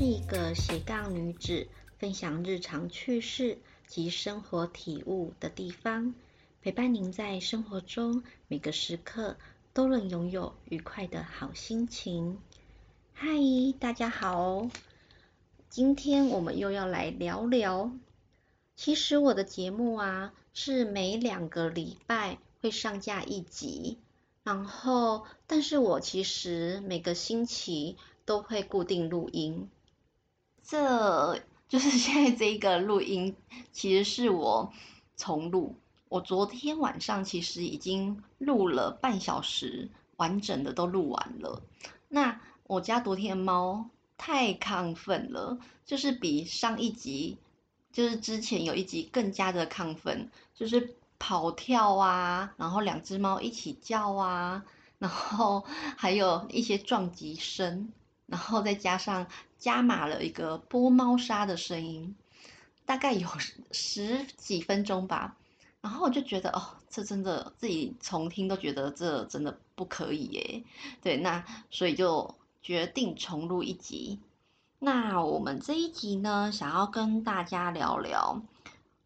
是一個斜槓女子分享日常趣事及生活體悟的地方，陪伴您在生活中每個時刻都能擁有愉快的好心情。嗨，大家好！今天我們又要來聊聊。其實我的節目啊，是每兩個禮拜會上架一集，然後，但是我其實每個星期都會固定錄音。這就是現在這一個錄音，其實是我重錄。我昨天晚上其實已經錄了半小時，完整的都錄完了。那我家昨天貓太亢奮了，就是比上一集，就是之前有一集更加的亢奮，就是跑跳啊，然後兩隻貓一起叫啊，然後還有一些撞擊聲，然後再加上。加碼了一個撥貓砂的聲音，大概有十幾分鐘吧，然後我就覺得，哦，這真的自己重聽都覺得這真的不可以耶。對，那所以就決定重錄一集。那我們這一集呢，想要跟大家聊聊，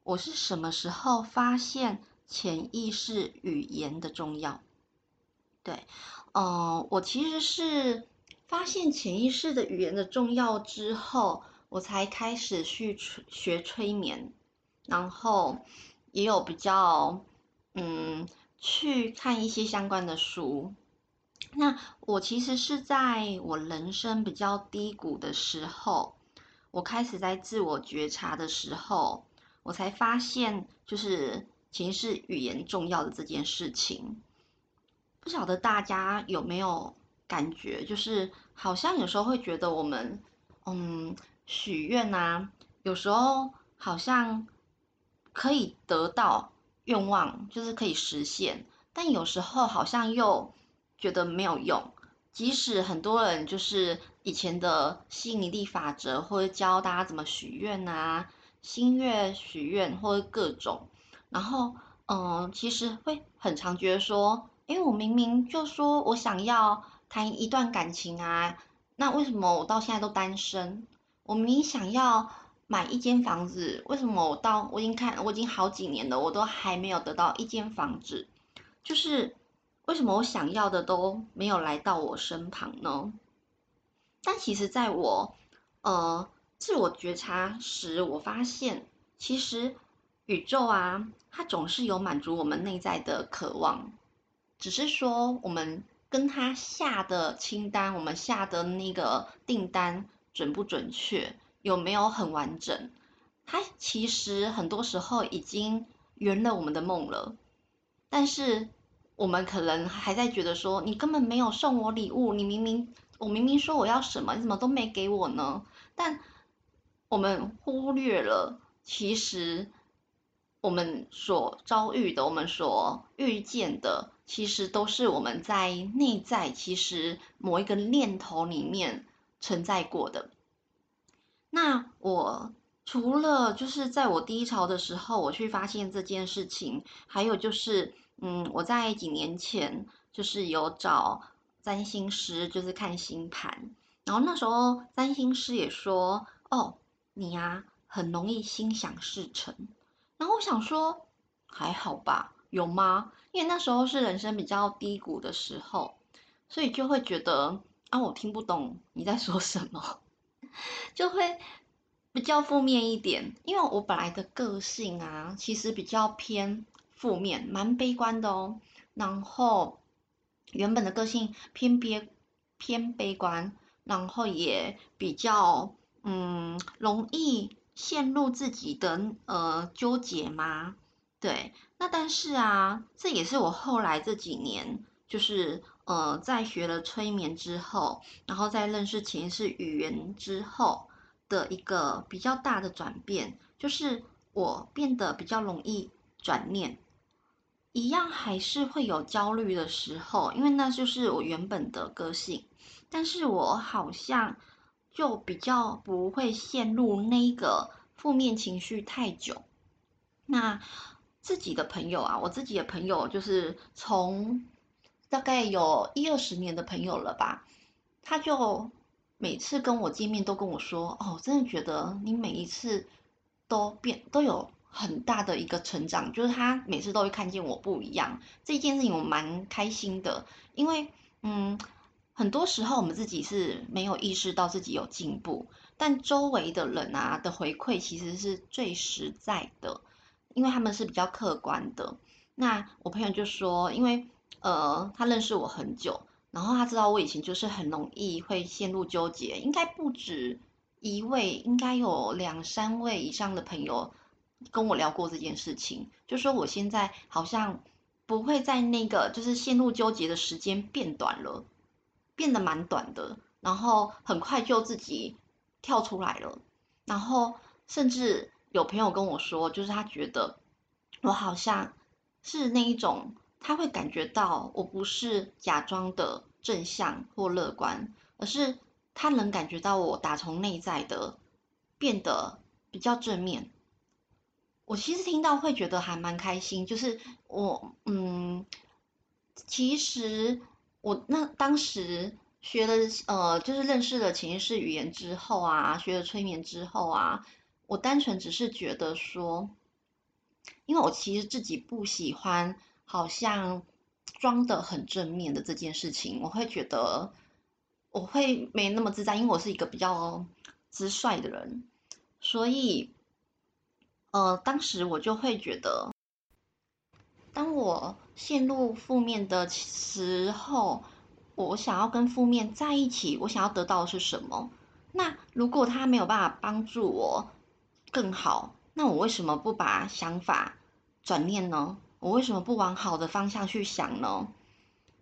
我是什麼時候發現潛意識語言的重要？對，嗯、呃，我其實是。發現潛意識的語言的重要之後，我才開始去學催眠，然後也有比較，嗯，去看一些相關的書。那我其實是在我人生比較低谷的時候，我開始在自我覺察的時候，我才發現就是潛意識語言重要的這件事情。不曉得大家有沒有？感覺就是，好像有時候會覺得我們，嗯，許願啊，有時候好像可以得到願望，就是可以實現，但有時候好像又覺得沒有用。即使很多人就是以前的吸引力法則，或者教大家怎麼許願啊，新月許願或者各種，然後，嗯，其實會很常覺得說，欸，我明明就說我想要。談一段感情啊，那為什麼我到現在都單身？我明明想要買一間房子，為什麼我到我已經看我已經好幾年了，我都還沒有得到一間房子？就是為什麼我想要的都沒有來到我身旁呢？但其實，在我呃自我覺察時，我發現其實宇宙啊，它總是有滿足我們內在的渴望，只是說我們。跟他下的清單，我們下的那個訂單準不準確，有沒有很完整？他其實很多時候已經圓了我們的夢了，但是我們可能還在覺得說，你根本沒有送我禮物，你明明我明明說我要什麼，你怎麼都沒給我呢？但我們忽略了，其實我們所遭遇的，我們所遇見的。其實都是我們在內在，其實某一個念頭裡面存在過的。那我除了就是在我低潮的時候，我去發現這件事情，還有就是，嗯，我在幾年前就是有找占星師，就是看星盤，然後那時候占星師也說，哦，你呀，很容易心想事成。然後我想說，還好吧。有嗎？因為那時候是人生比較低谷的時候，所以就會覺得啊，我聽不懂你在說什麼， 就會比較負面一點。因為我本來的個性啊，其實比較偏負面，蠻悲觀的哦。然後原本的個性偏別偏悲觀，然後也比較嗯，容易陷入自己的呃糾結嘛，對。那但是啊，這也是我後來這幾年，就是呃，在學了催眠之後，然後在認識潛意識語言之後的一個比較大的轉變，就是我變得比較容易轉念，一樣還是會有焦慮的時候，因為那就是我原本的個性，但是我好像就比較不會陷入那個負面情緒太久，那。自己的朋友啊，我自己的朋友就是從大概有一二十年的朋友了吧，他就每次跟我見面都跟我說：“哦，真的覺得你每一次都變，都有很大的一個成長。”就是他每次都會看見我不一樣，這一件事情我蠻開心的，因為嗯，很多時候我們自己是沒有意識到自己有進步，但周圍的人啊的回饋其實是最實在的。因為他們是比較客觀的，那我朋友就說，因為呃，他認識我很久，然後他知道我以前就是很容易會陷入糾結，應該不止一位，應該有兩三位以上的朋友跟我聊過這件事情，就說我現在好像不會在那個就是陷入糾結的時間變短了，變得蠻短的，然後很快就自己跳出來了，然後甚至。有朋友跟我說，就是他覺得我好像是那一種，他會感覺到我不是假裝的正向或樂觀，而是他能感覺到我打從內在的變得比較正面。我其實聽到會覺得還蠻開心，就是我嗯，其實我那當時學了呃，就是認識了潛意識語言之後啊，學了催眠之後啊。我單純只是覺得說，因為我其實自己不喜歡好像裝的很正面的這件事情，我會覺得我會沒那麼自在，因為我是一個比較直率的人，所以呃，當時我就會覺得，當我陷入負面的時候，我想要跟負面在一起，我想要得到的是什麼？那如果他沒有辦法幫助我，更好，那我為什麼不把想法轉念呢？我為什麼不往好的方向去想呢？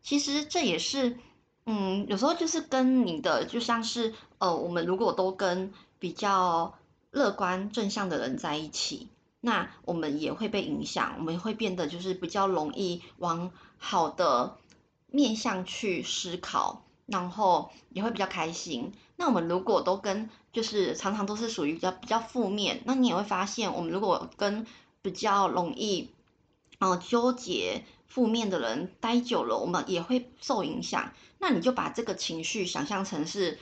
其實這也是，嗯，有時候就是跟你的，就像是，呃，我們如果都跟比較樂觀正向的人在一起，那我們也會被影響，我們會變得就是比較容易往好的面向去思考，然後也會比較開心。那我們如果都跟，就是常常都是屬於比較比較負面，那你也會發現，我們如果跟比較容易，哦、呃、糾結負面的人待久了，我們也會受影響。那你就把這個情緒想象成是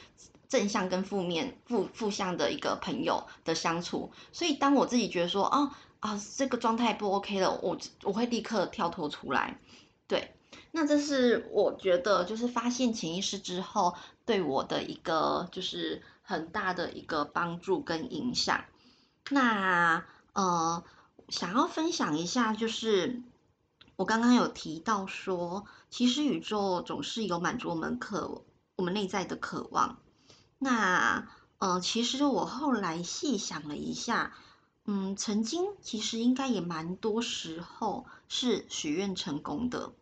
正向跟負面、負負向的一個朋友的相處。所以當我自己覺得說，哦、啊啊這個狀態不 OK 了，我我會立刻跳脫出來，對。那這是我覺得，就是發現潛意識之後對我的一個就是很大的一個幫助跟影響。那呃，想要分享一下，就是我剛剛有提到說，其實宇宙總是有滿足我們渴我們內在的渴望。那呃，其實我後來細想了一下，嗯，曾經其實應該也蠻多時候是許願成功的。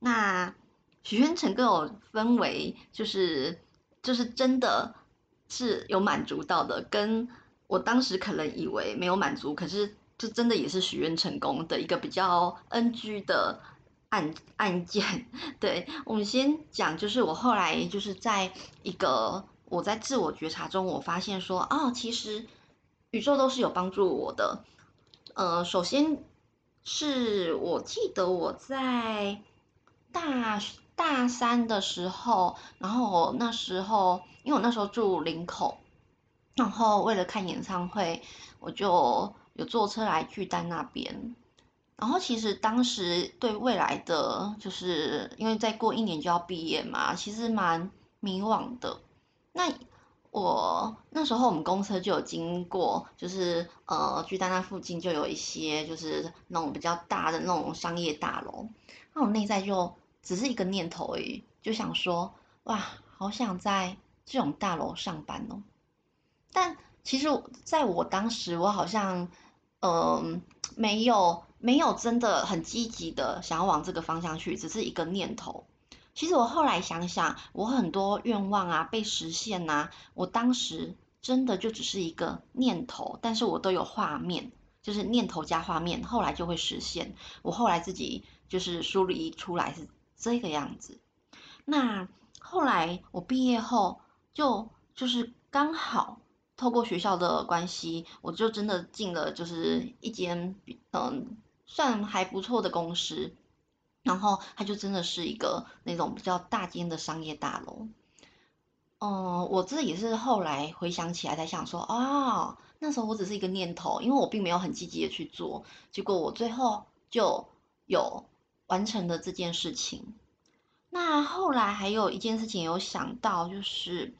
那許願成功有分為，就是就是真的是有滿足到的，跟我當時可能以為沒有滿足，可是這真的也是許願成功的一個比較 NG 的案案件。對，我們先講，就是我後來就是在一個我在自我覺察中，我發現說啊、哦，其實宇宙都是有幫助我的。呃，首先是我記得我在。大大三的時候，然後我那時候，因為我那時候住林口，然後為了看演唱會，我就有坐車來巨蛋那邊。然後其實當時對未來的，就是因為再過一年就要畢業嘛，其實蠻迷惘的。那我那時候我們公車就有經過，就是呃巨蛋那附近就有一些就是那種比較大的那種商業大樓，那我內在就。只是一個念頭而已，就想說哇，好想在這種大樓上班哦。但其實，在我當時，我好像，嗯、呃，沒有沒有真的很積極的想要往這個方向去，只是一個念頭。其實我後來想想，我很多願望啊被實現吶、啊。我當時真的就只是一個念頭，但是我都有畫面，就是念頭加畫面，後來就會實現。我後來自己就是梳理出來是。這個樣子，那後來我畢業後就就是剛好透過學校的關係，我就真的進了就是一間嗯、呃、算還不錯的公司，然後它就真的是一個那種比較大間的商業大樓。嗯，我自己是後來回想起來才想說，哦，那時候我只是一個念頭，因為我並沒有很積極的去做，結果我最後就有。完成的這件事情，那後來還有一件事情有想到，就是，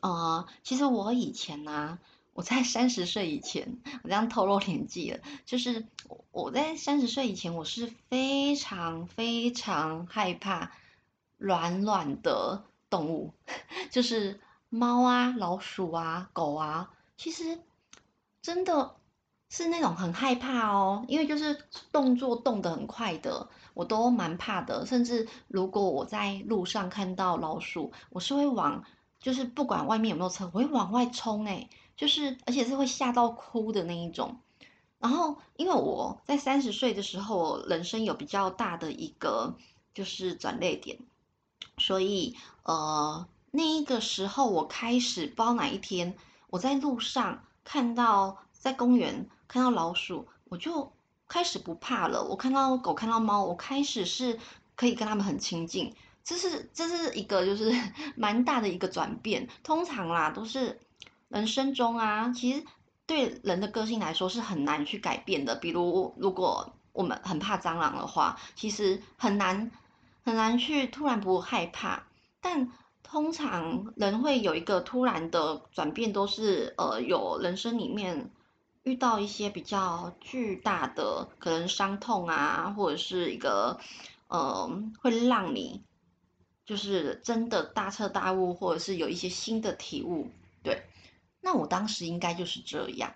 呃，其實我以前呢，啊，我在三十歲以前，我這樣透露年紀了，就是我在三十歲以前，我是非常非常害怕軟軟的動物，就是貓啊、老鼠啊、狗啊，其實真的。是那種很害怕哦，因為就是動作動得很快的，我都蠻怕的。甚至如果我在路上看到老鼠，我是會往，就是不管外面有沒有車，我會往外衝哎、欸，就是而且是會嚇到哭的那一種。然後因為我在三十歲的時候，我人生有比較大的一個就是轉捩點，所以呃那一個時候我開始不知道哪一天，我在路上看到在公園。看到老鼠，我就開始不怕了。我看到狗，看到貓，我開始是可以跟他們很親近。這是這是一個就是蠻大的一個轉變。通常啦，都是人生中啊，其實對人的個性來說是很難去改變的。比如，如果我們很怕蟑螂的話，其實很難很難去突然不害怕。但通常人會有一個突然的轉變，都是呃，有人生裡面。遇到一些比較巨大的可能傷痛啊，或者是一個，嗯，呃，會讓你就是真的大徹大悟，或者是有一些新的體悟。對，那我當時應該就是這樣。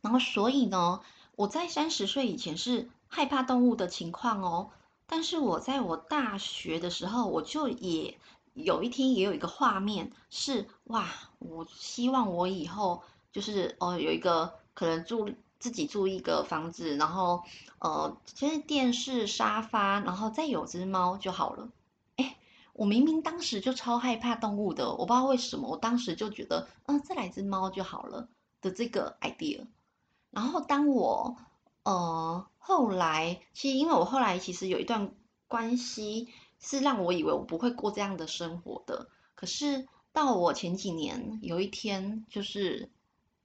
然後，所以呢，我在三十歲以前是害怕動物的情況哦。但是我在我大學的時候，我就也有一天也有一個畫面是哇，我希望我以後就是哦，呃，有一個。可能住自己住一個房子，然後，呃，就是電視、沙發，然後再有只貓就好了。哎，我明明當時就超害怕動物的，我不知道為什麼，我當時就覺得，嗯、呃，再來只貓就好了的這個 idea。然後當我，呃，後來其實因為我後來其實有一段關係是讓我以為我不會過這樣的生活的，可是到我前幾年有一天就是。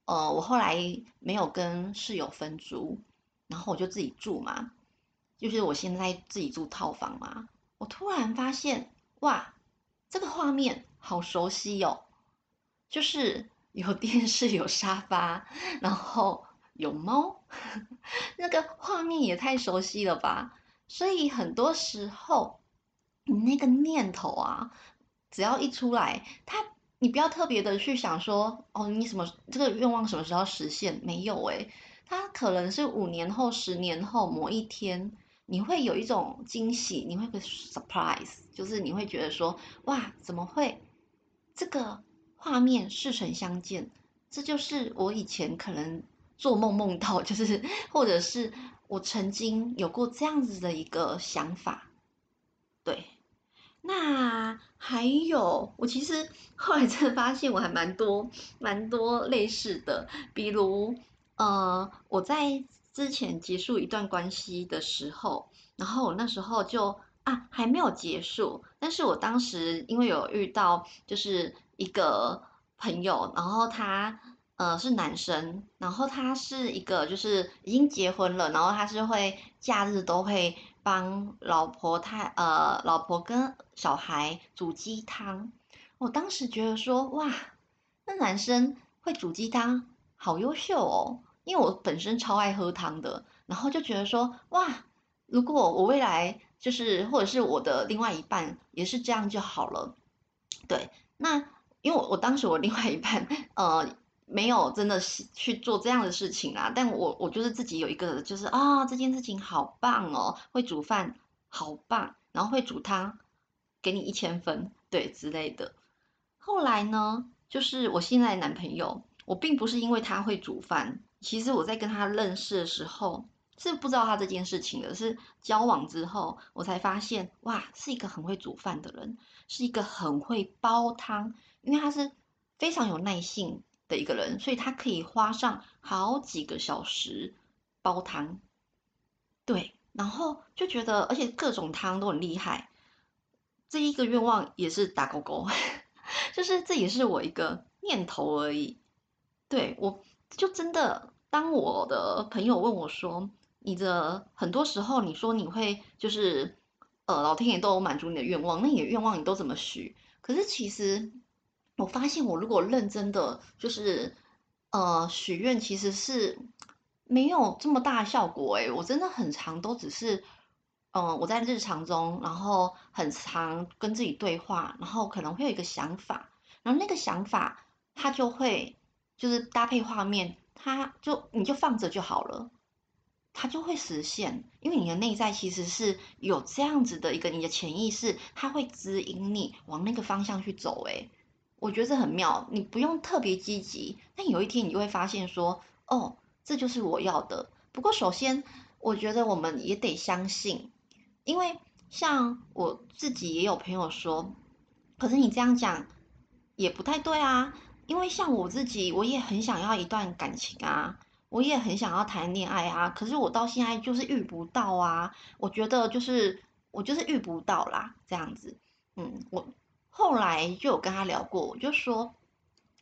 呃，我後來沒有跟室友分租，然後我就自己住嘛，就是我現在自己住套房嘛。我突然發現，哇，這個畫面好熟悉哦，就是有電視、有沙發，然後有貓， 那個畫面也太熟悉了吧。所以很多時候，你那個念頭啊，只要一出來，它。你不要特別的去想說，哦，你什麼這個願望什麼時候實現？沒有誒、欸，它可能是五年後、十年後某一天，你會有一種驚喜，你會被 surprise，就是你會覺得說，哇，怎麼會這個畫面似曾相見？這就是我以前可能做夢夢到，就是或者是我曾經有過這樣子的一個想法，對。那還有，我其實後來真的發現，我還蠻多、蠻多類似的，比如，呃，我在之前結束一段關係的時候，然後我那時候就啊還沒有結束，但是我當時因為有遇到就是一個朋友，然後他。呃，是男生，然後他是一個，就是已經結婚了，然後他是會假日都會幫老婆她，呃，老婆跟小孩煮雞湯。我當時覺得說，哇，那男生會煮雞湯，好優秀哦！因為我本身超愛喝湯的，然後就覺得說，哇，如果我未來就是，或者是我的另外一半也是這樣就好了。對，那因為我我當時我另外一半呃。沒有，真的是去做這樣的事情啦。但我我就是自己有一個，就是啊、哦，這件事情好棒哦，會煮飯好棒，然後會煮湯，給你一千分，對之類的。後來呢，就是我現在的男朋友，我並不是因為他會煮飯。其實我在跟他認識的時候是不知道他這件事情的，是交往之後我才發現，哇，是一個很會煮飯的人，是一個很會煲湯，因為他是非常有耐性，的一個人，所以他可以花上好幾個小時煲湯，對，然後就覺得，而且各種湯都很厲害。這一個願望也是打勾勾， 就是這也是我一個念頭而已。對，我就真的，當我的朋友問我說：“你的很多時候，你說你會就是呃，老天爺都有滿足你的願望，那你的願望你都怎麼許？”可是其實。我發現我如果認真的就是，呃，許願其實是沒有這麼大的效果誒、欸，我真的很常都只是，嗯、呃，我在日常中，然後很常跟自己對話，然後可能會有一個想法，然後那個想法它就會就是搭配畫面，它就你就放着就好了，它就會實現，因為你的內在其實是有這樣子的一個你的潛意識，它會指引你往那個方向去走誒、欸。我覺得這很妙，你不用特別積極，但有一天你會發現說，哦，這就是我要的。不過首先，我覺得我們也得相信，因為像我自己也有朋友說，可是你這樣講也不太對啊。因為像我自己，我也很想要一段感情啊，我也很想要談戀愛啊，可是我到現在就是遇不到啊。我覺得就是我就是遇不到啦，這樣子，嗯，我。後來就有跟他聊過，我就說，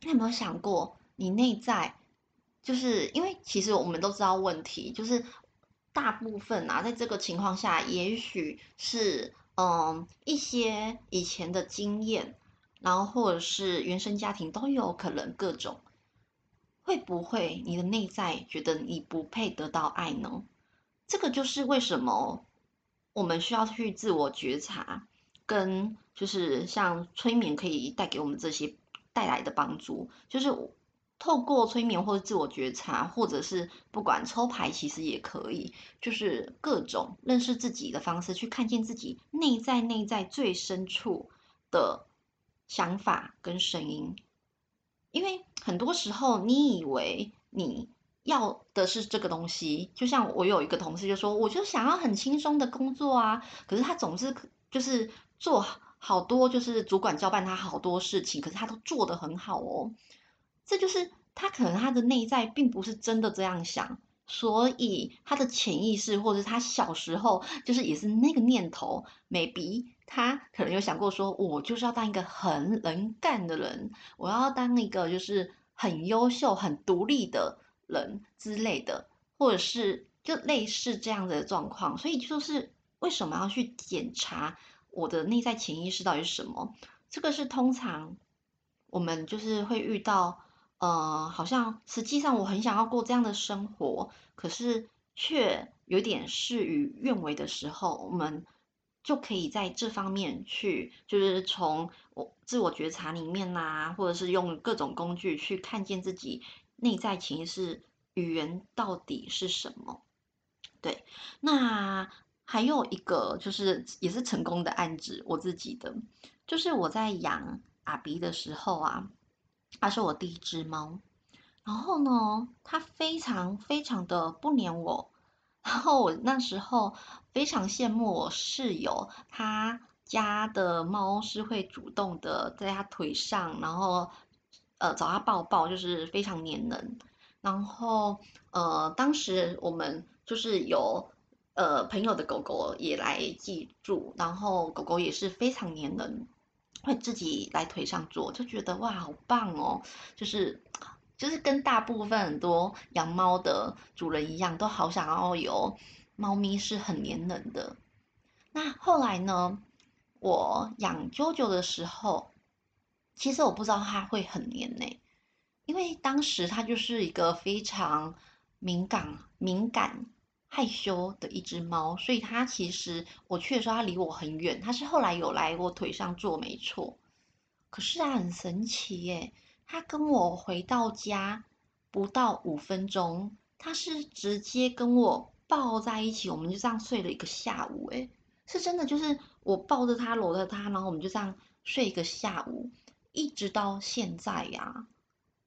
你有沒有想過，你內在，就是因為其實我們都知道問題，就是大部分啊，在這個情況下，也許是嗯一些以前的經驗，然後或者是原生家庭都有可能各種，會不會你的內在覺得你不配得到愛呢？這個就是為什麼我們需要去自我覺察跟。就是像催眠可以帶給我們這些帶來的幫助，就是透過催眠或者自我覺察，或者是不管抽牌，其實也可以，就是各種認識自己的方式，去看見自己內在、內在最深處的想法跟聲音。因為很多時候你以為你要的是這個東西，就像我有一個同事就說，我就想要很輕鬆的工作啊，可是他總是就是做。好多就是主管交辦他好多事情，可是他都做得很好哦。這就是他可能他的內在並不是真的這樣想，所以他的潛意識或者是他小時候就是也是那個念頭。maybe 他可能有想過說，我就是要當一個很能幹的人，我要當一個就是很優秀、很獨立的人之類的，或者是就類似這樣子的狀況。所以就是為什麼要去檢查？我的內在潛意識到底是什麼？這個是通常我們就是會遇到，呃，好像實際上我很想要過這樣的生活，可是卻有點事與願違的時候，我們就可以在這方面去，就是從我自我覺察裡面啦，啊，或者是用各種工具去看見自己內在潛意識語言到底是什麼。對，那。還有一個就是也是成功的案子，我自己的就是我在養阿比的時候啊，它是我第一隻貓，然後呢，它非常非常的不粘我，然後我那時候非常羨慕我室友，他家的貓是會主動的在他腿上，然後呃找他抱抱，就是非常粘人，然後呃當時我們就是有。呃，朋友的狗狗也來寄住，然後狗狗也是非常黏人，會自己來腿上坐，就覺得哇，好棒哦！就是，就是跟大部分很多養貓的主人一樣，都好想要有貓咪是很黏人的。那後來呢，我養 JoJo 的時候，其實我不知道他會很黏呢，因為當時他就是一個非常敏感、敏感。害羞的一隻貓，所以它，其實我去的時候，它離我很遠。它是後來有來我腿上坐，沒錯。可是啊，很神奇耶，它跟我回到家不到五分鐘，它是直接跟我抱在一起，我們就這樣睡了一個下午。誒，是真的，就是我抱着它，摟着它，然後我們就這樣睡一個下午，一直到現在呀，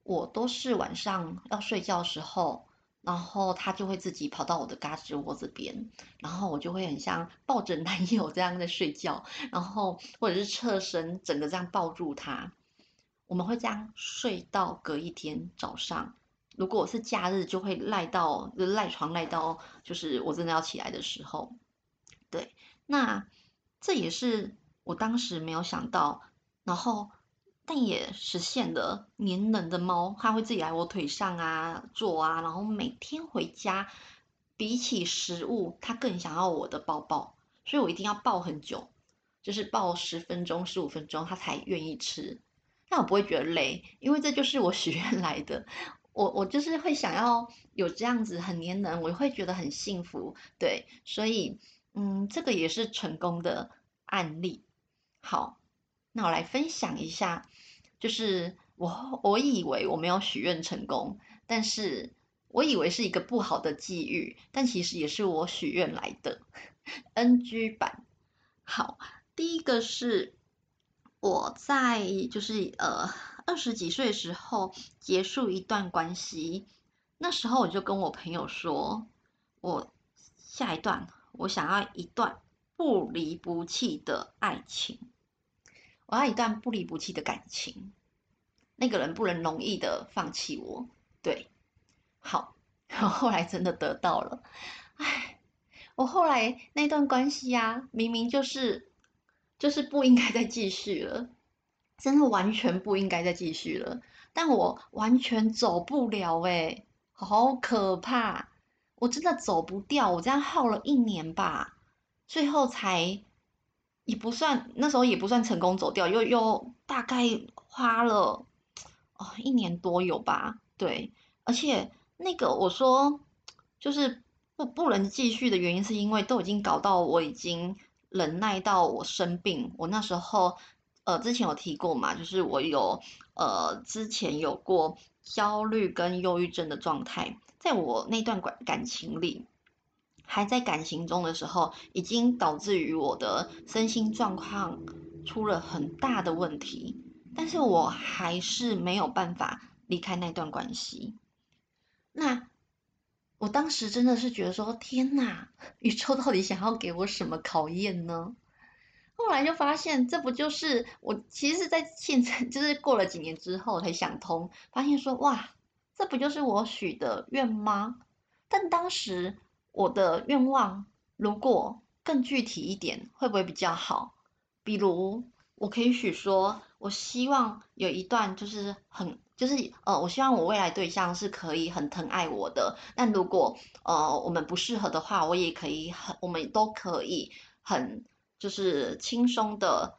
我都是晚上要睡覺的時候，然後他就會自己跑到我的嘎吱窩這邊，然後我就會很像抱枕男友這樣在睡覺，然後或者是側身整個這樣抱住他，我們會這樣睡到隔一天早上，如果我是假日就會賴到賴床賴到就是我真的要起來的時候，對，那這也是我當時沒有想到，然後。但也實現了粘人的貓，它會自己來我腿上啊坐啊，然後每天回家，比起食物，它更想要我的抱抱，所以我一定要抱很久，就是抱十分鐘、十五分鐘，它才願意吃。但我不會覺得累，因為這就是我許願來的。我我就是會想要有這樣子很黏人，我會覺得很幸福。對，所以嗯，這個也是成功的案例。好。那我來分享一下，就是我我以為我沒有許願成功，但是我以為是一個不好的際遇，但其實也是我許願來的，NG 版。好，第一個是我在就是呃二十幾歲的時候結束一段關係，那時候我就跟我朋友說，我下一段我想要一段不離不棄的愛情。我要一段不離不棄的感情，那個人不能容易的放棄我。對，好，我後來真的得到了。唉，我後來那段關係呀、啊，明明就是，就是不應該再繼續了，真的完全不應該再繼續了。但我完全走不了、欸，哎，好可怕！我真的走不掉，我這樣耗了一年吧，最後才。也不算，那時候也不算成功走掉，又又大概花了，哦，一年多有吧？對，而且那個我說，就是不不能繼續的原因，是因為都已經搞到我已經忍耐到我生病。我那時候，呃，之前有提過嘛，就是我有呃之前有過焦慮跟憂鬱症的狀態，在我那段感感情裡。還在感情中的時候，已經導致於我的身心狀況出了很大的問題，但是我還是沒有辦法離開那段關係。那我當時真的是覺得說：“天吶，宇宙到底想要給我什麼考驗呢？”後來就發現，這不就是我其實在，在現在就是過了幾年之後才想通，發現說：“哇，這不就是我許的願嗎？”但當時。我的願望如果更具體一點，會不會比較好？比如，我可以許說，我希望有一段就是很就是呃，我希望我未來對象是可以很疼愛我的。但如果呃我們不適合的話，我也可以很，我們都可以很就是輕鬆的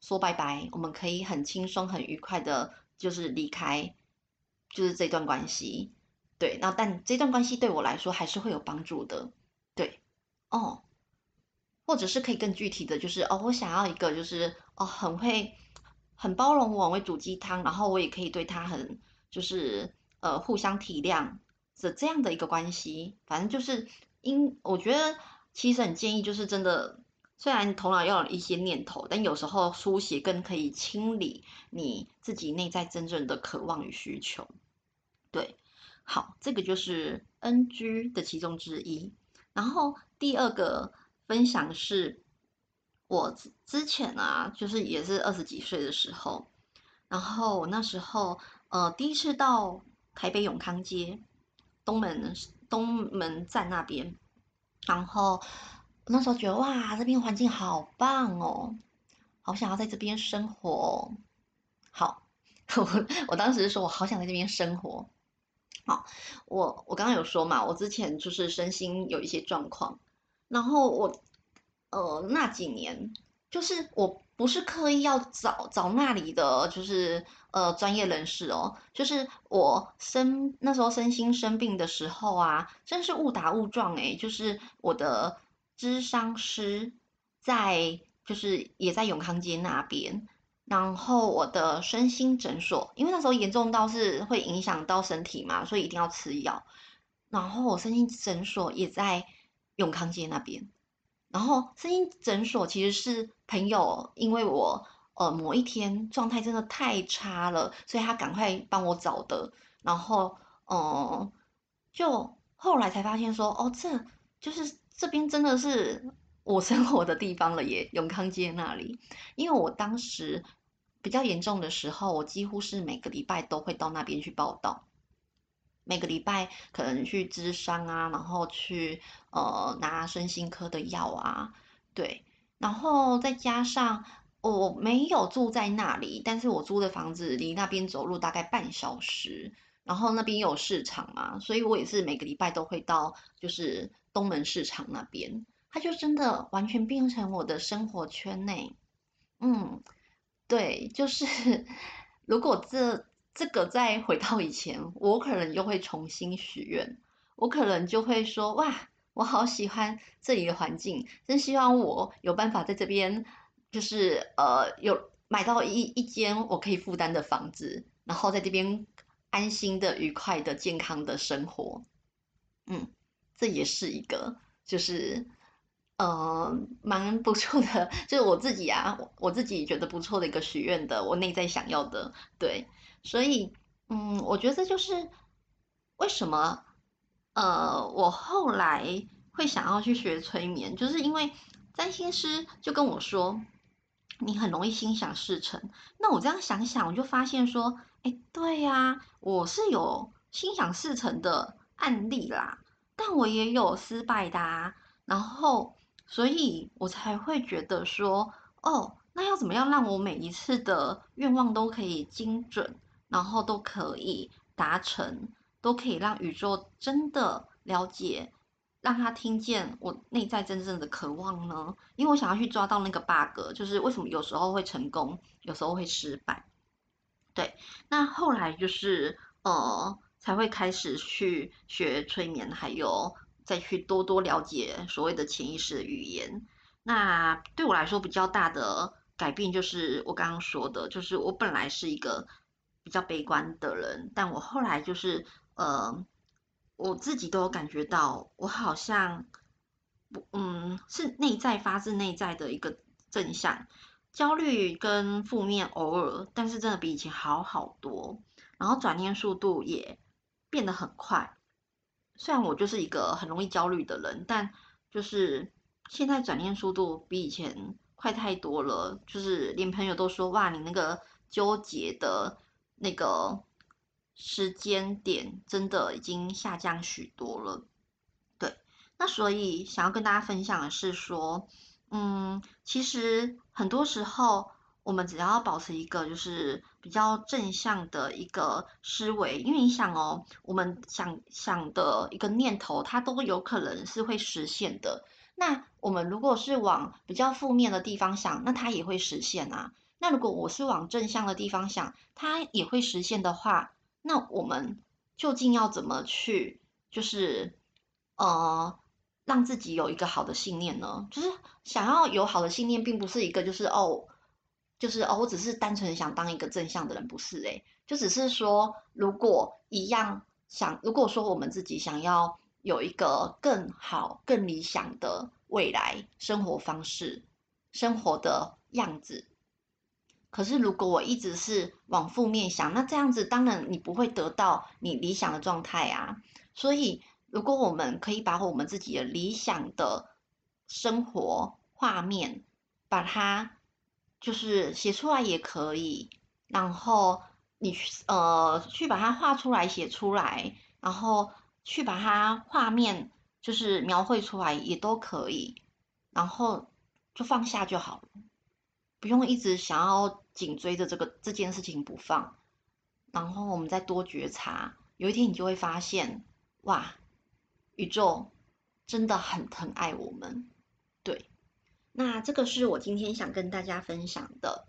說拜拜，我們可以很輕鬆很愉快的，就是離開，就是這段關係。對，那但這段關係對我來說還是會有幫助的。對，哦，或者是可以更具體的就是，哦，我想要一個就是哦，很會很包容我，我會煮雞湯，然後我也可以對他很就是呃互相體諒的這，這樣的一個關係。反正就是因，因我覺得其實很建議就是真的，雖然頭腦要有一些念頭，但有時候書寫更可以清理你自己內在真正的渴望與需求。對。好，這個就是 NG 的其中之一。然後第二個分享是我之之前啊，就是也是二十幾歲的時候，然後那時候呃第一次到台北永康街東門東門站那邊，然後那時候覺得哇，這邊環境好棒哦，好想要在這邊生活哦。好，我我當時就說我好想在這邊生活。好，我我剛剛有說嘛，我之前就是身心有一些狀況，然後我呃那幾年就是我不是刻意要找找那裡的就是呃專業人士哦，就是我生，那時候身心生病的時候啊，真是誤打誤撞欸，就是我的諮商師在就是也在永康街那邊。然後我的身心診所，因為那時候嚴重到是會影響到身體嘛，所以一定要吃藥。然後我身心診所也在永康街那邊。然後身心診所其實是朋友，因為我呃某一天狀態真的太差了，所以他趕快幫我找的。然後嗯、呃，就後來才發現說，哦，這就是這邊真的是，我生活的地方了耶，永康街那裡。因為我當時比較嚴重的時候，我幾乎是每個禮拜都會到那邊去報到。每個禮拜可能去諮商啊，然後去呃拿身心科的藥啊，對。然後再加上我沒有住在那裡，但是我租的房子離那邊走路大概半小時，然後那邊有市場嘛、啊，所以我也是每個禮拜都會到，就是東門市場那邊。他就真的完全變成我的生活圈內，嗯，對，就是如果這這個再回到以前，我可能又會重新許願，我可能就會說哇，我好喜歡這裡的環境，真希望我有辦法在這邊，就是呃，有買到一一間我可以負擔的房子，然後在這邊安心的、愉快的、健康的生活。嗯，這也是一個就是。嗯，蠻、呃、不錯的，就是我自己啊，我自己覺得不錯的一個許願的，我內在想要的，對，所以嗯，我覺得就是為什麼呃，我後來會想要去學催眠，就是因為占星師就跟我說，你很容易心想事成，那我這樣想想，我就發現說，哎，對呀、啊，我是有心想事成的案例啦，但我也有失敗的，啊。然後。所以我才會覺得說，哦，那要怎麼樣讓我每一次的願望都可以精準，然後都可以達成，都可以讓宇宙真的了解，讓它聽見我內在真正的渴望呢？因為我想要去抓到那個 bug，就是為什麼有時候會成功，有時候會失敗。對，那後來就是呃，才會開始去學催眠，還有。再去多多了解所謂的潛意識的語言。那對我來說比較大的改變就是我剛剛說的，就是我本來是一個比較悲觀的人，但我後來就是呃，我自己都有感覺到，我好像不，嗯，是內在發自內在的一個正向。焦慮跟負面偶爾，但是真的比以前好好多，然後轉念速度也變得很快。雖然我就是一個很容易焦慮的人，但就是現在轉念速度比以前快太多了，就是連朋友都說，哇，你那個糾結的那個時間點真的已經下降許多了。對，那所以想要跟大家分享的是說，嗯，其實很多時候。我們只要保持一個就是比較正向的一個思維，因為你想哦，我們想想的一個念頭，它都有可能是會實現的。那我們如果是往比較負面的地方想，那它也會實現啊。那如果我是往正向的地方想，它也會實現的話，那我們究竟要怎麼去就是，呃，讓自己有一個好的信念呢？就是想要有好的信念，並不是一個就是哦。就是哦，我只是單純想當一個正向的人，不是誒，就只是說，如果一樣想，如果說我們自己想要有一個更好、更理想的未來生活方式、生活的樣子，可是如果我一直是往負面想，那這樣子當然你不會得到你理想的狀態啊。所以，如果我們可以把我們自己的理想的生活畫面，把它。就是寫出來也可以，然後你去呃去把它畫出來、寫出來，然後去把它畫面就是描繪出來也都可以，然後就放下就好了，不用一直想要緊追着這個這件事情不放，然後我們再多覺察，有一天你就會發現，哇，宇宙真的很疼愛我們，對。那這個是我今天想跟大家分享的。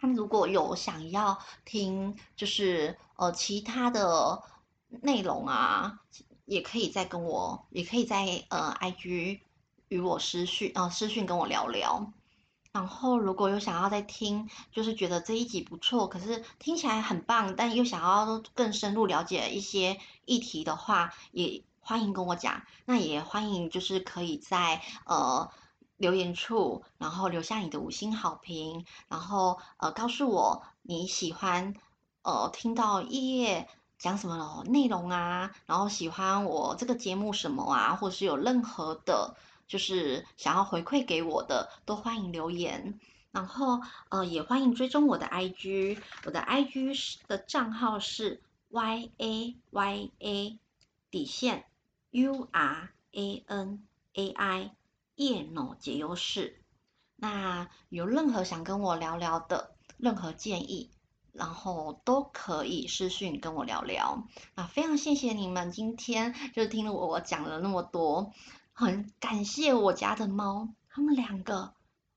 那如果有想要聽，就是呃其他的內容啊，也可以再跟我，也可以在呃 IG 與我私訊呃，私訊跟我聊聊。然後如果有想要再聽，就是覺得這一集不錯，可是聽起來很棒，但又想要更深入了解一些議題的話，也歡迎跟我講。那也歡迎就是可以在呃。留言處，然後留下你的五星好評，然後呃告訴我你喜歡呃聽到曄曄講什麼的內容啊，然後喜歡我這個節目什麼啊，或是有任何的，就是想要回饋給我的，都歡迎留言。然後呃也歡迎追蹤我的 IG，我的 IG 的賬號是 Y A Y A 底線 U R A N A I。電腦解憂室，那有任何想跟我聊聊的，任何建議，然後都可以私訊跟我聊聊。啊，非常謝謝你們今天就是聽了我講了那麼多，很感謝我家的貓，他們兩個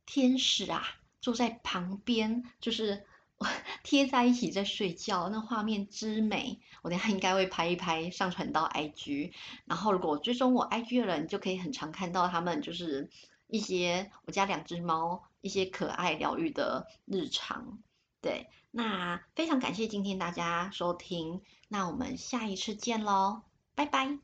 天使啊，坐在旁邊就是。我貼在一起在睡覺，那畫面之美，我等下應該會拍一拍上傳到 IG。然後如果追蹤我 IG 的人，就可以很常看到他們就是一些我家兩隻貓一些可愛療癒的日常。對，那非常感謝今天大家收聽，那我們下一次見嘍，拜拜。